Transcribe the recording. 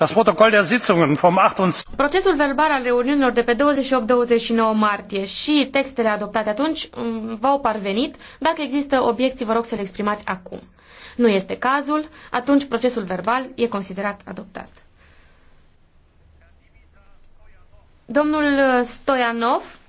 Das Protokoll der Sitzungen vom 28. Procesul verbal al reuniunilor de pe 28-29 martie și textele adoptate atunci mm, v-au parvenit. Dacă există obiecții, vă rog să le exprimați acum. Nu este cazul, atunci procesul verbal e considerat adoptat. Domnul uh, Stoianov